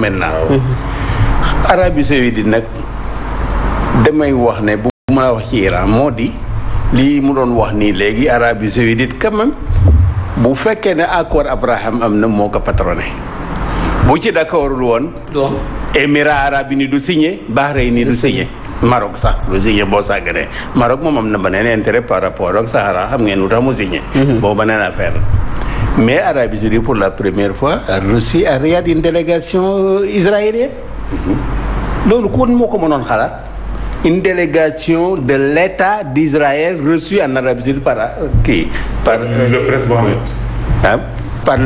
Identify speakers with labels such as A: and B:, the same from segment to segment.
A: maintenant. Mm-hmm. Arabie Saoudite nag damay wax ne bu ma a wax ci Iran moo di lii mu doon wax nii léegi Arabie Saoudite quand même bu fekkee ne accord Abraham am na moo ko patronné bu ci d'accordul woon. Émirats arabes ni du signé Bahreïn ni du mm-hmm. signé. Maroc sax du signé boo sàgganee Maroc moom am na beneen intérêt par rapport ak Sahara xam ngeen lu tax mu signé. Mm-hmm. boo beneen affaire mais Arabie Saoudite pour la première fois a reçu à Riyad une délégation euh, israélienne mm-hmm. loolu kon moo ko mënoon xalaat une délégation de l'État d'Israël reçue en Arabie Saoudite par kii euh, par euh, par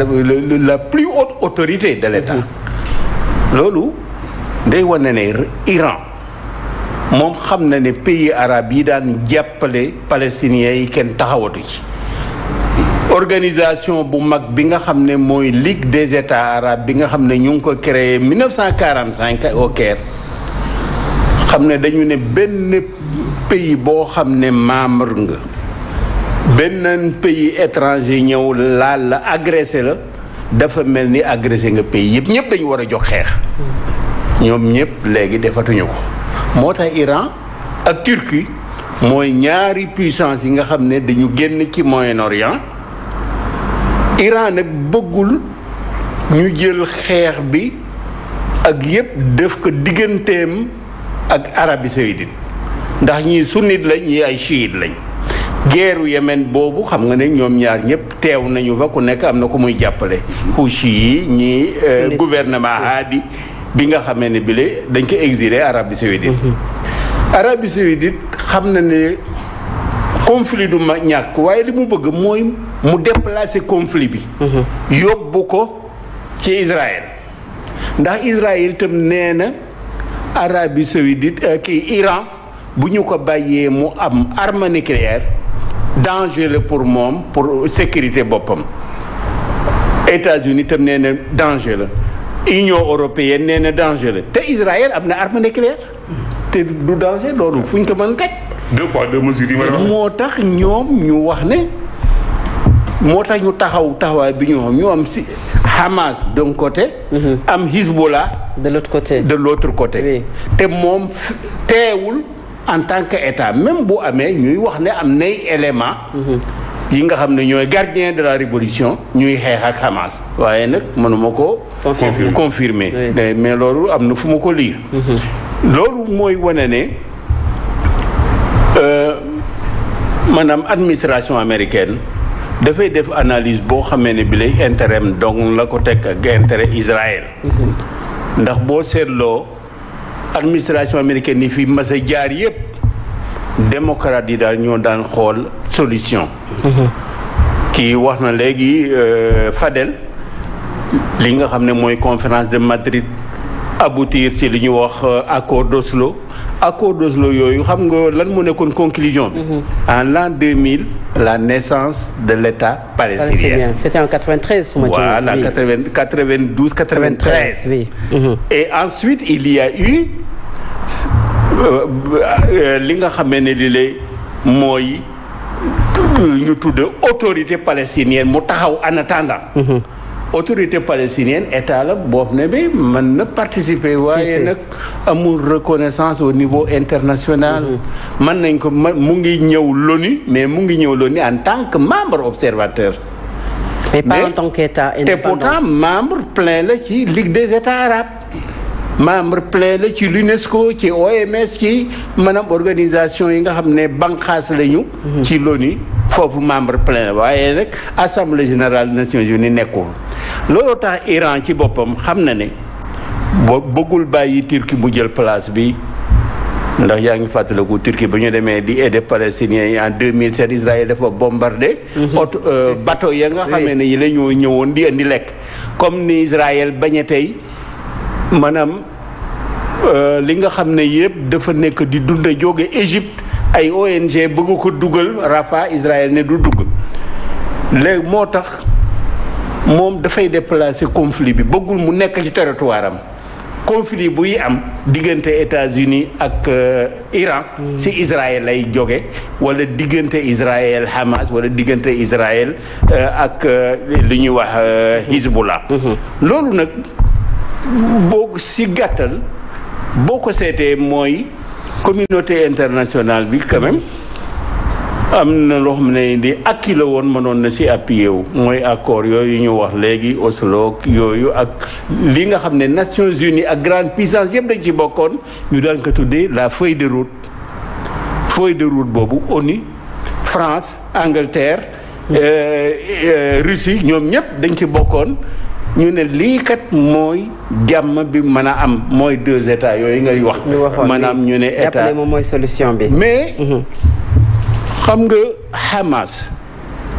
A: la plus haute autorité de l'État mm-hmm. loolu day wane ne Iran moom xam na ne pays arabe yi daan jàppale palestiniens yi kenn taxawatu ci organisation bu mag bi nga xam ne mooy ligue des états arabes bi nga xam ne ñu ngi ko créé 1945 au Caire xam ne dañu ne benn pays boo xam ne membre nga benn pays étranger ñëw laal la agressé la dafa mel ni agressé nga pays yëpp ñëpp dañu war a jox xeex ñoom ñëpp léegi defatuñu ko moo tax Iran ak Turquie mooy ñaari puissance yi nga xam ne dañu génn ci Moyen-Orient Iran nag bëggul ñu jël xeex bi ak yépp def ko digganteem ak Arabie saoudite ndax ñi sunnite lañ ñii ay chiite lañ geeru Yemen boobu xam nga ne ñoom ñaar ñëpp teew nañu fa ku nekk am na ko muy jàppale mhm. Houthi yi ñii euh, gouvernement haadi bi nga xamee ne bile dañ ko exilé Arabie saoudite mhm. Arabie saoudite xam na ne conflit du ma ñàkk waaye li mu bëgg mooy mu déplacer conflit bi. yóbbu ko ci Israël ndax Israël itam nee na Arabie saoudite euh, kii Iran bu ñu ko bàyyee mu am arme nucléaire danger la pour moom pour sécurité boppam États-Unis itam nee na danger la Union européenne nee na danger la te Israël am na arme nucléaire te du danger loolu fu ñu ko mën a deux poids deux mesures yi ma moo tax ñoom ñu wax ne moo tax ñu taxaw taxawaay bi ñu xam ñu am si Hamas d'un côté. Mhm. am Hezbollah. de l'autre côté de l'autre côté. te moom teewul en tant que état même bu amee ñuy wax ne am nay élément mhm. yi nga xam ne ñooy gardien de la révolution ñuy xeex ak Hamas waaye nag mënuma ko confirmer mais loolu am na fu ma ko lii mhm. loolu mooy wane ne. Euh, maanaam administration américaine dafay def analyse boo xamee ne bi lay intérêt donc la ko teg ak intérêt Israël. ndax boo seetloo administration américaine yi fi ma a jaar yépp démocrate yi daal ñoo daan xool solution. ki wax na léegi euh, Fadel li nga xam ne mooy conférence de Madrid aboutir ci li ñu wax euh, accord d'Oslo accord d'Oslo yooyu xam nga lan mu nekkoon conclusion bi. Mhm. en l'an 2000 la naissance de l'État palestinien. palestinien
B: c'était en 93 su ma voilà
A: 92 93. oui. Mhm. et ensuite il y a eu euh, euh, li nga xame ne li lay mooy ñu tudd autorité palestinienne mu taxaw en attendant. Mhm. autorité palestinienne état la boo boobu ne bi man na participer waaye nag amul reconnaissance au niveau international man mm-hmm. nañ ko mu ngi ñëw loni mais mu ngi ñëw l'ONU en tant que membre observateur
B: mais pas en tant qu'état
A: te pourtant membre plein la ci Ligue des États arabes membre plein la ci l'UNESCO ci OMS ci maanaam organisation yi nga xam ne banqaas lañu mm-hmm. ci l'ONU foofu membre plein la waaye nag assemblée général des Nations Unies nekkul looloo tax Iran ci boppam xam na ne bo bëggul bàyyi Turquie mu jël place bi ndax yaa ngi fàttaliku turki ba ñu demee di aider palestiniens yi en 2007 Israël dafa bombardé. Mm-hmm. oto euh, bateau ya nga xamee ne yi la ñoo ñëwoon di indi lekk. comme ni Israël bañe tey maanaam euh, li nga xam ne yëpp dafa nekk di dund a jóge Égypte ay ONG bëgg ko dugal Rafa Israël ne du dugg léegi moo tax. moom dafay déplacer conflit bi bëggul mu nekk ci territoire am conflit buy am diggante États-Unis ak euh, Iran mm. si Israël ay jóge wala diggante Israël Hamas wala diggante Israël euh, ak euh, li ñuy wax Hezbollah mm-hmm. Mm-hmm. loolu nag boo si gàttal boo ko seetee mooy communauté internationale bi quand am na loo xam ne di akki la woon mënoon na si appuyé wu mooy accord yooyu ñu wax léegi Oslo yooyu ak li nga xam ne Nations Unies ak grande puissance yëpp dañ ci bokkoon ñu daan ko tuddee la feuille de route feuille de route boobu ONU France Angleterre euh, euh, Russie ñoom ñëpp dañ ci bokkoon ñu ne lii kat mooy jàmm bi mën a am mooy deux états yooyu ngay wax maanaam ñu ne état moom mooy solution bi mais mhm. xam nga Hamas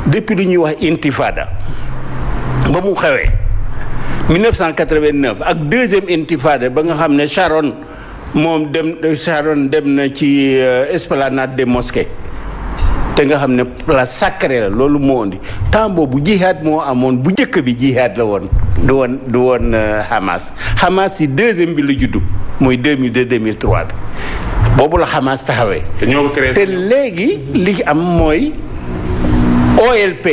A: depuis lu ñuy wax intifada ba mu xewee 1989 ak deuxième intifada ba nga xam ne Sharon moom dem Sharon dem na ci euh, esplanade de mosquées te nga xam ne place sacre la loolu moo indi temps bu jihaad moo amoon bu njëkk bi jihaad la woon du woon du woon euh, Hamas Hamas si deuxième bi la juddu mooy 2002 2003 bi boobu la Hamas taxawee. te ñoo ko créé te léegi li am mooy OLP.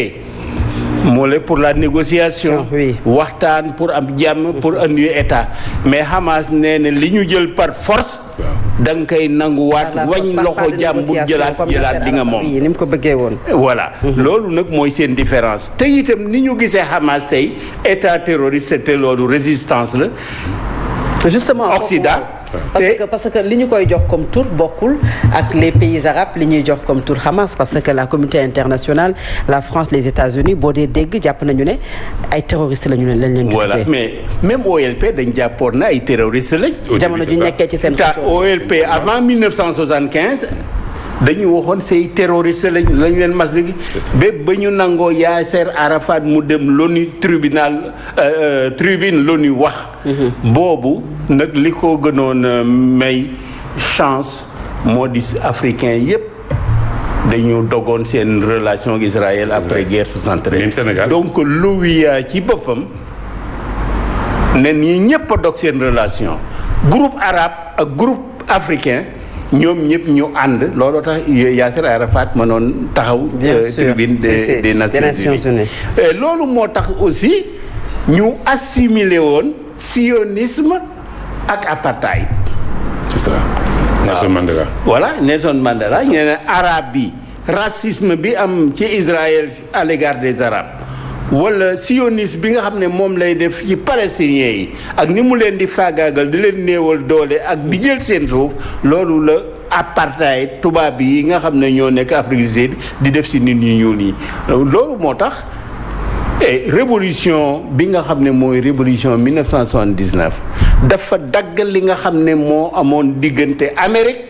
A: moo lay pour la négociation. Ah, waxtaan pour am jàmm pour indi état mais Hamas nee na li ñu jël par force. da nga nangu waat wañ loxo jàmm bu jëlaat jëlaat li nga moom. ni
B: mu ko bëggee woon. voilà mhm.
A: loolu nag mooy seen différence te itam ni ñu gisee Hamas tey état terroriste te loolu résistance la.
B: justement parce que parce que li ñu koy jox comme tour bokkul ak les pays arabes li ñuy jox comme tour Hamas parce que la communauté internationale la France les États-Unis boo dee dégg jàpp nañu ne ay la lañu ne lañ leen. voilà
A: mais même OLP dañ jàppoon na ay terroristes lañ. jamono ji ñu nekkee ci seen. OLP avant 1975. dañu waxoon say terroriste lañ leen mas léegi ba ñu nangoo Yasser Arafat mu dem l'ONU tribunal euh, euh, tribune l'ONU wax mm-hmm. boobu nag li ko gënoon euh, may chance moo di africain yépp dañu dogoon seen relation ak Israël après guerre 73 donc l'OUA ci boppam ne ñi ñëpp a dog seen relation groupe arabe ak groupe africain ñoom ñëpp ñu ànd looloo tax Yasser Arafat mënoon taxaw. Euh, tribune des des Nations Unies loolu moo tax aussi ñu assimilé woon sionisme ak apartheid. c'est ça. Nelson Mandela. voilà Nelson Mandela ñu ne arabe bi racisme bi am ci Israël à l'égard des arabes. wala sionisme bi nga xam ne moom lay def ci palestiniens yi ak ni mu leen di faagaagal di leen néewal doole ak bi jël seen suuf loolu la apartheid tubaab yi nga xam ne ñoo nekk Afrique du di def ci nit ñu ñuul yi loolu moo tax et eh, révolution bi nga xam ne mooy révolution 1979 dafa daggal li nga xam ne moo amoon diggante Amérique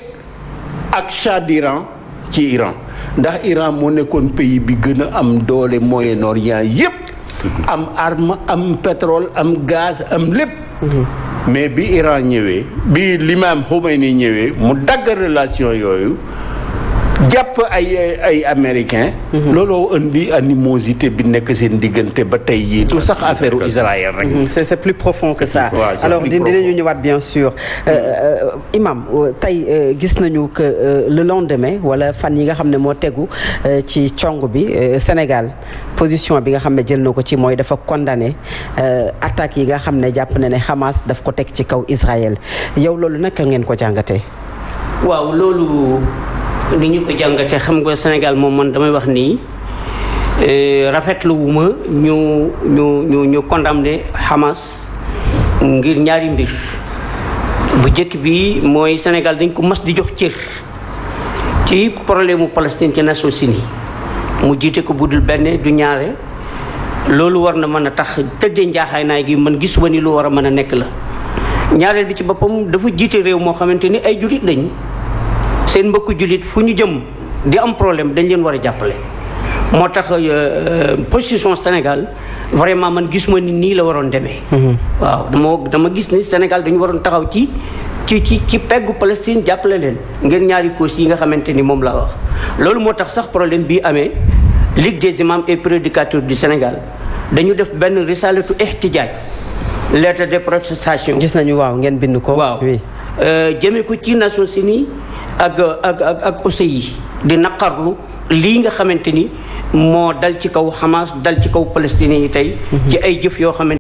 A: ak Shah d'Iran ci Iran ndax Iran moo nekkoon pays bi gën a am doole Moyen-Orient yépp am arme am pétrole am gaz am lépp. Mm-hmm. mais bi Iran ñëwee bi l'imam Khomeini ñëwee mu dagg relation yooyu. jàpp ay ay américain mhm. looloo indi animosité bi nekk seen diggante ba tey yii du sax affaire Israël rek. Mhm. c'est plus profond que ça. alors dinañu
B: ñëwaat bien sûr. Euh, euh, imam tey euh, gis nañu que le lendemain wala fan yi nga xam ne moo tegu ci cong bi Sénégal position bi nga xam ne jël na ko ci mooy dafa condamné attaques yi nga xam ne jàpp na ne Hamas daf ko teg ci kaw Israël yow loolu naka ngeen ko jàngatee. waaw loolu. ni ñu ko te xam nga Sénégal moom man damay wax nii eh, rafetlu wu ñu ñu ñu ñu condamné Hamas ngir ñaari mbir bu jëkk bi mooy Sénégal dañ ko mas di jox cër ci problème mu Palestine ci Nations Unies mu jiite ko bu dul benn du ñaare loolu war na mën a tax tëddee njaaxaay naay gi man gisuma ni lu war a mën a nekk la ñaareel bi ci boppam dafa jiite réew moo xamante ni ay jullit lañu seen mbokku jullit fu ñu jëm di am problème dañu leen war a jàppale moo tax euh, euh, position Sénégal vraiment man gisuma ni nii la waroon demee. Mhm. waaw dama dama gis ni Sénégal dañu waroon taxaw ci ci ci ci peggu Palestine jàppale leen ngeen ñaari causes yi nga xamante ni moom laa wax. loolu moo tax sax problème bii amee Ligue des imams et prédicateurs du Sénégal dañu def benn risalatu ihtijaaj lettre de protestation. gis nañu waaw ngeen bind ko. waaw euh, jëmee ko ci Nations Unies ak ak ak ak Ousseyni di naqarlu lii nga xamante ni moo dal ci kaw Hamas dal ci kaw Palestine yi tey. ci ay jëf yoo xamante